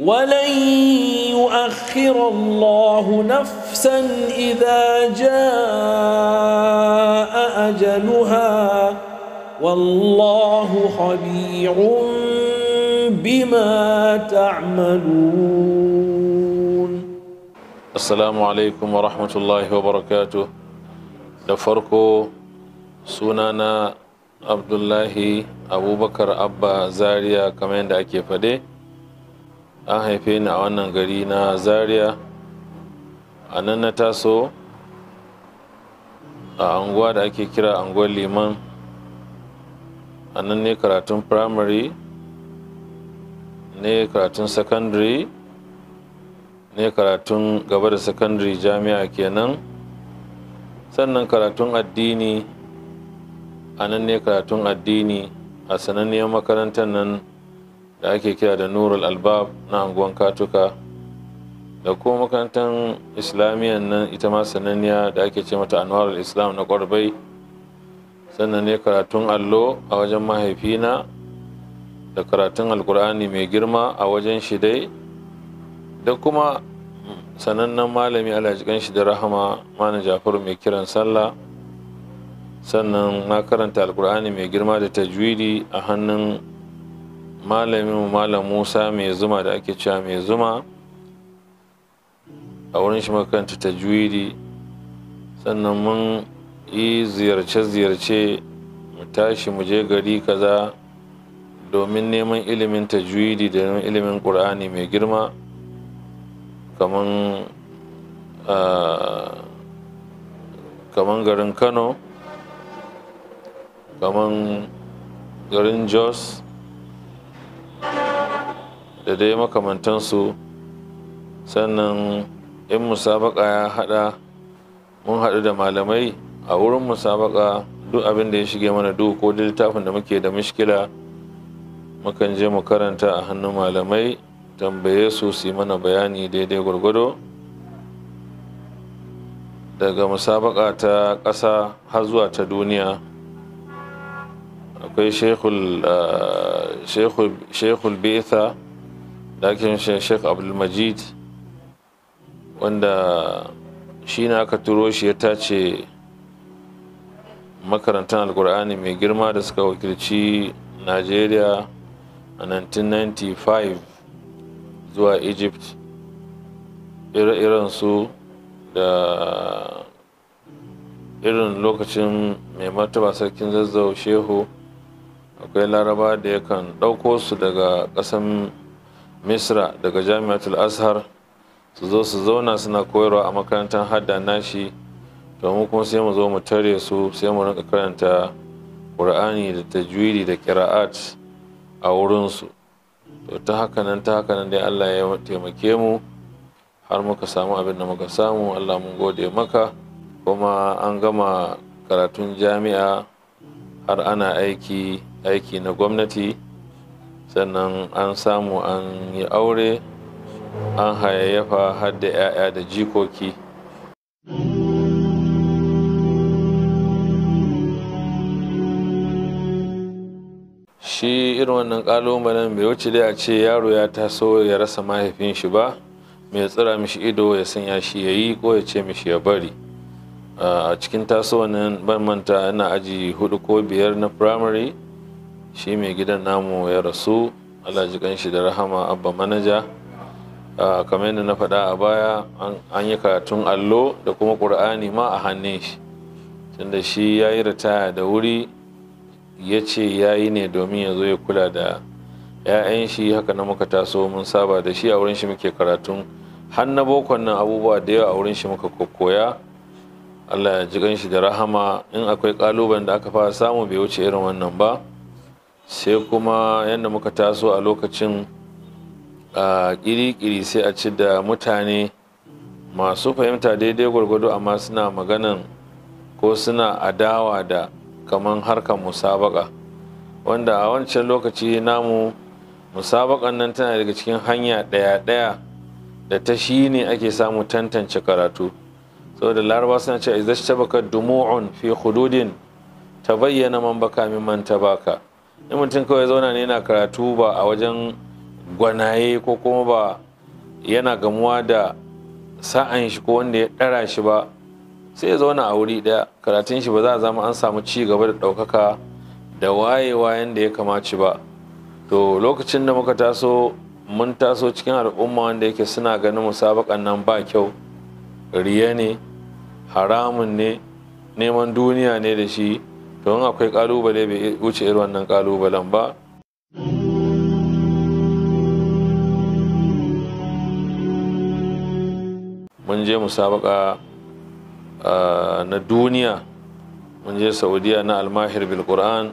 ولن يؤخر الله نفسا إذا جاء أجلها والله خبير بما تعملون السلام عليكم ورحمة الله وبركاته دفركو سنانا عبد الله أبو بكر أبا زاريا كمان دا أكي فديه an haife ni a wannan gari na zaria a nan na taso a anguwa da ake kira anguwar liman a nan ne karatun primary ne karatun secondary ne karatun gaba da secondary jami'a kenan sannan karatun addini a nan ne karatun addini a sananniyar makarantar nan da ake kira da nurul albab na anguwan katuka da kuma makarantar islamiyyar nan ita ma sananniya da ake ce mata anwarul islam na ƙwarbai sannan ne karatun allo a wajen mahaifina da karatun alkur'ani mai girma a wajen shi dai da kuma sanannen malami alajikan shi da rahama mana jafaru mai kiran sallah sannan na karanta alkur'ani mai girma da tajwidi a hannun malamin malam musa mai zuma da ake cewa mai zuma a wurin shi makanta ta sannan mun yi ziyarce-ziyarce mu tashi mu je gari kaza domin neman ilimin tajwidi da neman ilimin ƙur'ani mai girma kaman garin kano kaman garin jos da dai makamantansu sannan in musabaka ya haɗa mun haɗu da malamai a wurin musabaka duk abin da ya shige mana duk ko littafin da muke da mishkila mukan je mu karanta a hannun malamai tambaye su su mana bayani daidai gwargwado daga musabaka ta ƙasa har zuwa ta duniya akwai shekul ah, betha dakin sheikh abdulmajid wanda shi na aka turo shi ya tace makarantar alkur'ani mai girma da suka wakilci nigeria a 1995 zuwa egypt ire-iren su da irin lokacin mai martaba sarkin zazzau shehu akwai laraba da yakan ɗauko su daga ƙasan misra daga jami'atul azhar su zo su zauna suna koyarwa a makarantar hadda nashi domin kuma sai mu zo mu tare su sai mu rinka karanta ƙur'ani da tajwidi da kira'at a wurinsu to ta haka nan ta haka nan dai allah ya taimake mu har muka samu abin da muka samu allah mun gode maka kuma an gama karatun jami'a har ana aiki aiki na gwamnati sannan an samu an yi aure an hayayyafa har da 'ya'ya da jikoki shi irin wannan kalubalen bai wuce dai a ce yaro ya taso ya rasa mahaifin shi ba mai tsira mishi ido ya sanya shi ya yi ko ya ce mishi ya bari a cikin taso ban manta yana aji hudu ko biyar na primary shi mai gidan namu ya rasu Allah ji da rahama abba manaja kamar yadda na faɗa a baya an yi karatun allo da kuma ƙur'ani ma a hannun shi tunda shi ya yi ritaya da wuri ya ce ya yi ne domin ya zo ya kula da 'ya'yan shi haka na muka taso mun saba da shi a wurin shi muke karatun har bokon nan abubuwa da yawa a wurin shi muka koya allah ya ji ganshi da rahama in akwai ƙalubalen da aka fara samu bai wuce irin wannan ba sai kuma yadda muka taso a lokacin kiri-kiri sai a ci da mutane masu fahimta daidai gwargwado amma suna maganan ko suna adawa da kaman harkar musabaka wanda a wancan lokaci namu musabakan nan tana daga cikin hanya ɗaya-ɗaya da ta shi ne ake samu tantance karatu saboda laraba suna cewa a ta baka dumu'un fi hududin ta bayyana man baka min man baka in mutum kawai zauna ne yana karatu ba a wajen gwanaye ko kuma ba yana gamuwa da sa'an shi ko wanda ya ɗara shi ba sai ya zauna a wuri ɗaya karatun shi ba za a zama an samu ci gaba da ɗaukaka da wayewa yadda ya kamaci ba to lokacin da muka taso mun taso cikin al'umma wanda yake suna ganin musabakan nan ba kyau riya ne haramun ne neman duniya ne da shi don akwai kalubale bai wuce irin wannan kalubalen ba mun je musabaka ah, na duniya mun je saudiya na almahir bil qur'an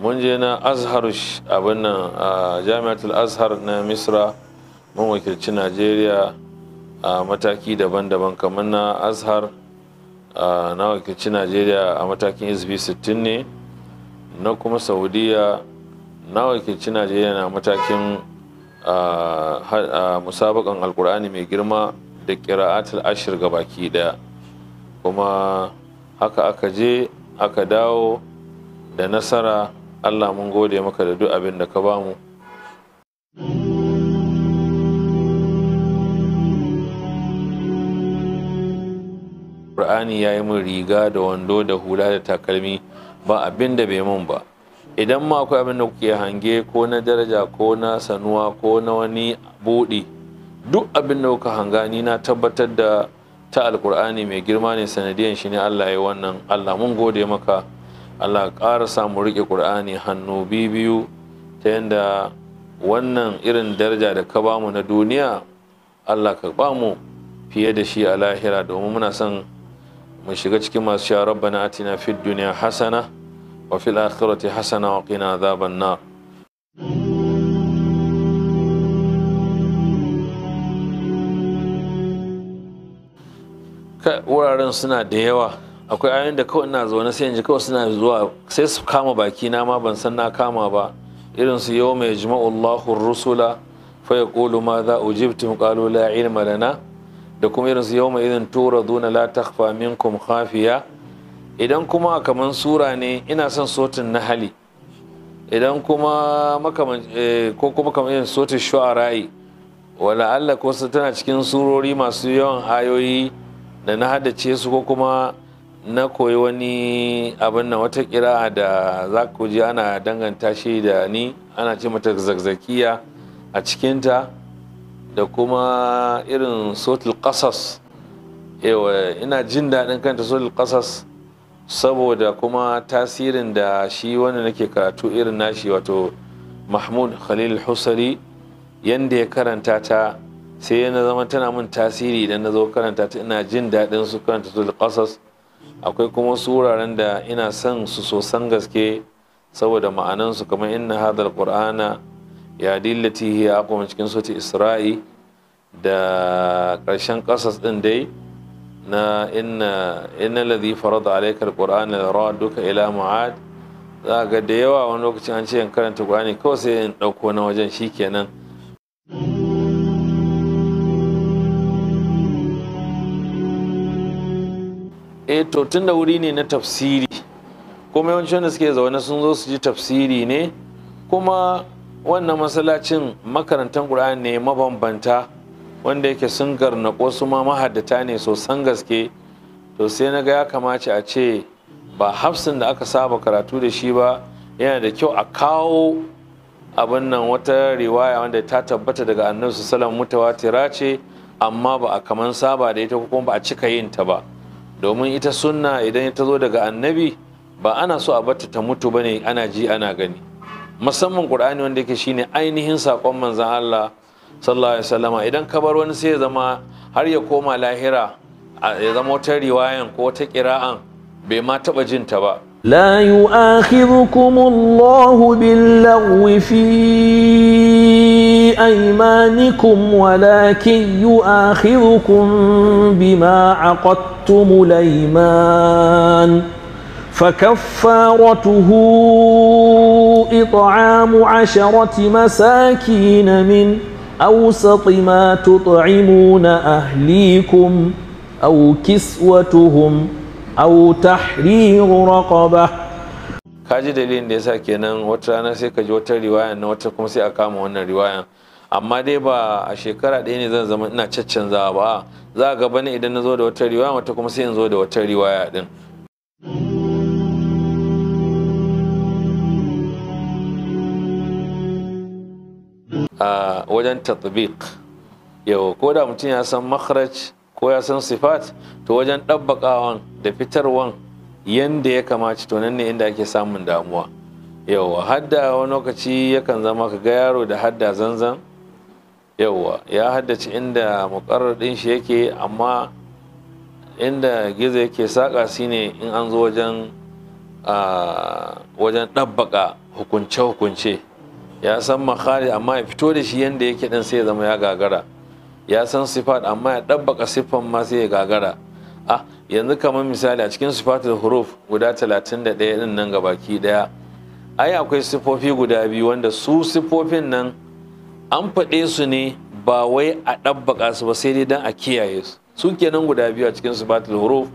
mun je na azhar abin nan a ah, jami'atul azhar na misra mun wakilci najeriya a ah, mataki daban-daban kamar na azhar na wakilci najeriya a matakin sb 60 ne na kuma saudiya na wakilci najeriya na matakin musabakan alkur'ani mai girma da kira'atul ashir baki daya kuma haka aka je aka dawo da nasara allah mun gode maka da duk abin da ka bamu Qur'ani ya yi min riga da wando da hula da takalmi ba abin da bai mun ba idan ma akwai abin da kuke hange ko na daraja ko na sanuwa ko na wani buɗi duk abin da kuka hanga ni na tabbatar da ta alkur'ani mai girma ne sanadiyan shi ne Allah ya wannan Allah mun gode maka Allah ƙara mu rike ƙur'ani hannu biyu ta yanda wannan irin daraja da ka bamu na duniya Allah ka bamu fiye da shi a lahira domin muna son mu shiga cikin masu cewa rabbana atina fid dunya hasana wa fil akhirati hasana wa qina adhaban nar wuraren suna da yawa akwai ayoyin da kawai ina zaune sai yanzu kawai suna zuwa sai su kama baki na ma ban san na kama ba irin su yau mai jima'ullahu rusula fa yaqulu ma za ujibtum qalu la ilma lana da kuma irin su mai idan tura duna la takhfa minkum khafiya idan kuma kaman sura ne ina son sotin hali idan kuma makaman eh, ko kuma kaman irin sotin shu'ara'i wala Allah ko su tana cikin surori masu yawan ayoyi da na haddace su ko kuma na koyi wani abin na wata kira'a da za ku ji ana danganta shi da ni ana ce mata zakzakiya a cikinta da kuma irin sotul kasas ina jin daɗin kanta sotul kasas saboda kuma tasirin da shi wanda nake karatu irin nashi wato mahmud khalil husari yadda ya karanta ta sai yana zama tana min tasiri idan na zo karanta ta ina jin daɗin su karanta sotul kasas akwai kuma su wuraren da ina son su sosan gaske saboda ma'anansu kamar inna hadal qur'ana ya dillati ya cikin soti isra'i da ƙarshen ƙasas ɗin dai na inna inna ladhi farada alayka alquran la duka ila ma'ad za ga da yawa wani lokacin an ce in karanta qur'ani kawai sai in ɗauko na wajen shikenan eh to tunda wuri ne na tafsiri kuma yawancin da suke zaune sun zo su ji tafsiri ne kuma wannan masallacin makarantar ƙur'ani ne mabambanta wanda yake sun garnaƙo su ma mahaddata ne sosan gaske to sai na ga ya kamace a ce ba hafsin da aka saba karatu da shi ba yana da kyau a kawo abin nan wata riwaya wanda ta tabbata daga annabi mutawa tira ce amma ba a kaman saba da ita kuma ba a cika yin ta ba domin ita sunna idan ta zo daga annabi ba ana so a bata ta mutu bane ana ji ana gani musamman qur'ani wanda yake shine ainihin sakon manzon Allah sallallahu alaihi wasallama idan ka bar wani sai ya zama har ya koma lahira ya zama wata riwayan ko wata kira'an bai ma taba jin ta ba لا يؤاخذكم الله باللغو في أيمانكم ولكن يؤاخذكم بما عقدتم الأيمان فكفارته إطعام عشرة مساكين من أوسط ما تطعمون أهليكم أو كسوتهم أو تحرير رقبة kaji dalilin da ya sa kenan wata rana sai ka ji wata riwaya na wata kuma sai a kama wannan riwayan amma dai ba a shekara ɗaya ne zan zama ina caccanzawa ba za a gaba ne idan na zo da wata riwaya wata kuma sai in zo da wata riwaya din a wajen tatbiq yau ko da mutum ya san makharaj ko ya san sifat to wajen ɗabbaƙawan da fitarwan yadda ya kamaci to ne inda ake samun damuwa yauwa hadda wani lokaci yakan zama ka ga yaro da hadda zanzan yauwa ya haddace inda muƙarar ɗin shi yake amma inda gizo yake saƙa shine in an zo wajen wajen ɗabbaƙa hukunce-hukunce ya san makhari amma ya fito da shi yadda yake dan sai ya zama ya gagara ya san sifat amma ya ɗabbaka siffan ma sai ya gagara a ah, yanzu kamar misali a cikin sifatul huruf guda 31 din nan gabaki daya ai akwai siffofi guda biyu wanda su siffofin nan an faɗe su ne ba wai a ɗabbaka su ba sai dai don a kiyaye su su kenan guda biyu a cikin sifatul huruf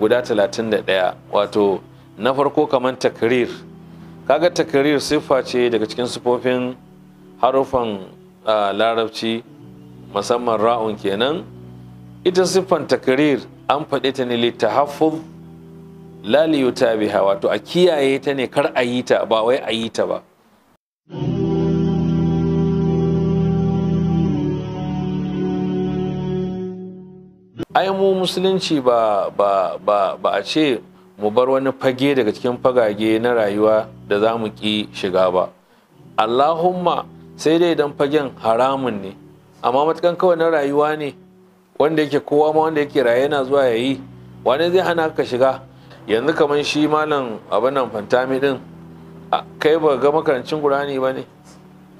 guda 31 wato na farko kamar takrir kaga takarir siffa ce daga cikin sufofin harufan larabci musamman ra'un kenan ita siffan takarir an faɗe ta ne littahaffuz la liyutabiha wato a kiyaye ta ne kar a yi ta ba wai a yi ta ba ai mu musulunci ba ba ba a ce mu bar wani fage daga cikin fagage na rayuwa da za mu ƙi shiga ba allahumma sai dai idan fagen haramun ne amma matukan kawai na rayuwa ne wanda yake kowa ma wanda yake raye yana zuwa ya yi wani zai hana ka shiga yanzu kamar shi malam abin nan fantami din kai ba ga makarancin qur'ani ba ne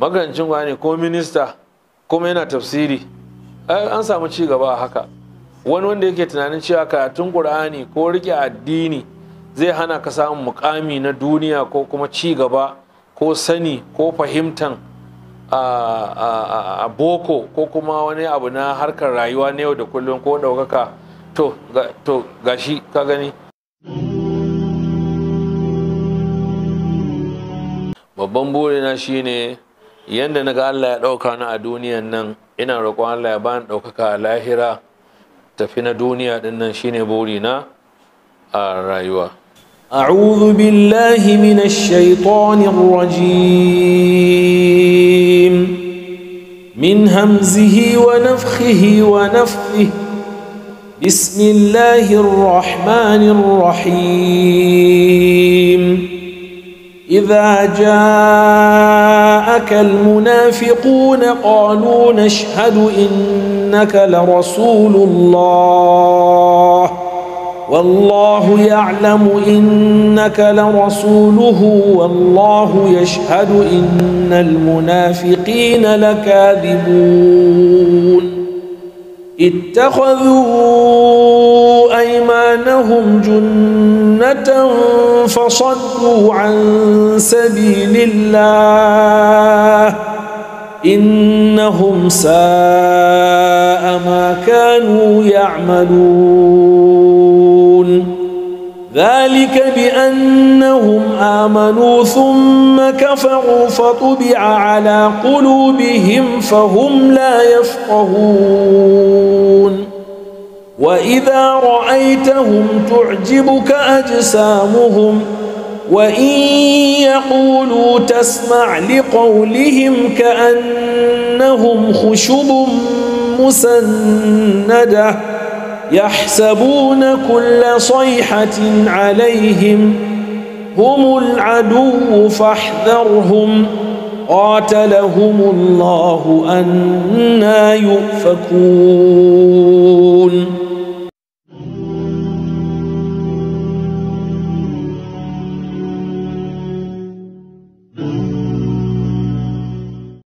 makarancin qur'ani ko minista kuma yana tafsiri an samu ci gaba a haka wani wanda yake tunanin cewa karatun qur'ani ko rike addini zai hana ka samun mukami na duniya ko kuma ci gaba ko sani ko fahimtan a boko ko kuma wani abu na harkar rayuwa na yau da kullum ko ɗaukaka to gashi ka gani babban burina ne yadda na ga allah ya ɗauka na a duniyan nan ina roƙon allah ya bani ɗaukaka a lahira tafi na duniya ɗin nan ne burina a rayuwa أعوذ بالله من الشيطان الرجيم من همزه ونفخه ونفخه بسم الله الرحمن الرحيم إذا جاءك المنافقون قالوا نشهد إنك لرسول الله والله يعلم انك لرسوله والله يشهد ان المنافقين لكاذبون اتخذوا ايمانهم جنه فصدوا عن سبيل الله انهم ساء ما كانوا يعملون ذلك بأنهم آمنوا ثم كفروا فطبع على قلوبهم فهم لا يفقهون وإذا رأيتهم تعجبك أجسامهم وإن يقولوا تسمع لقولهم كأنهم خشب مسنده يحسبون كل صيحة عليهم هم العدو فاحذرهم قاتلهم الله أنا يؤفكون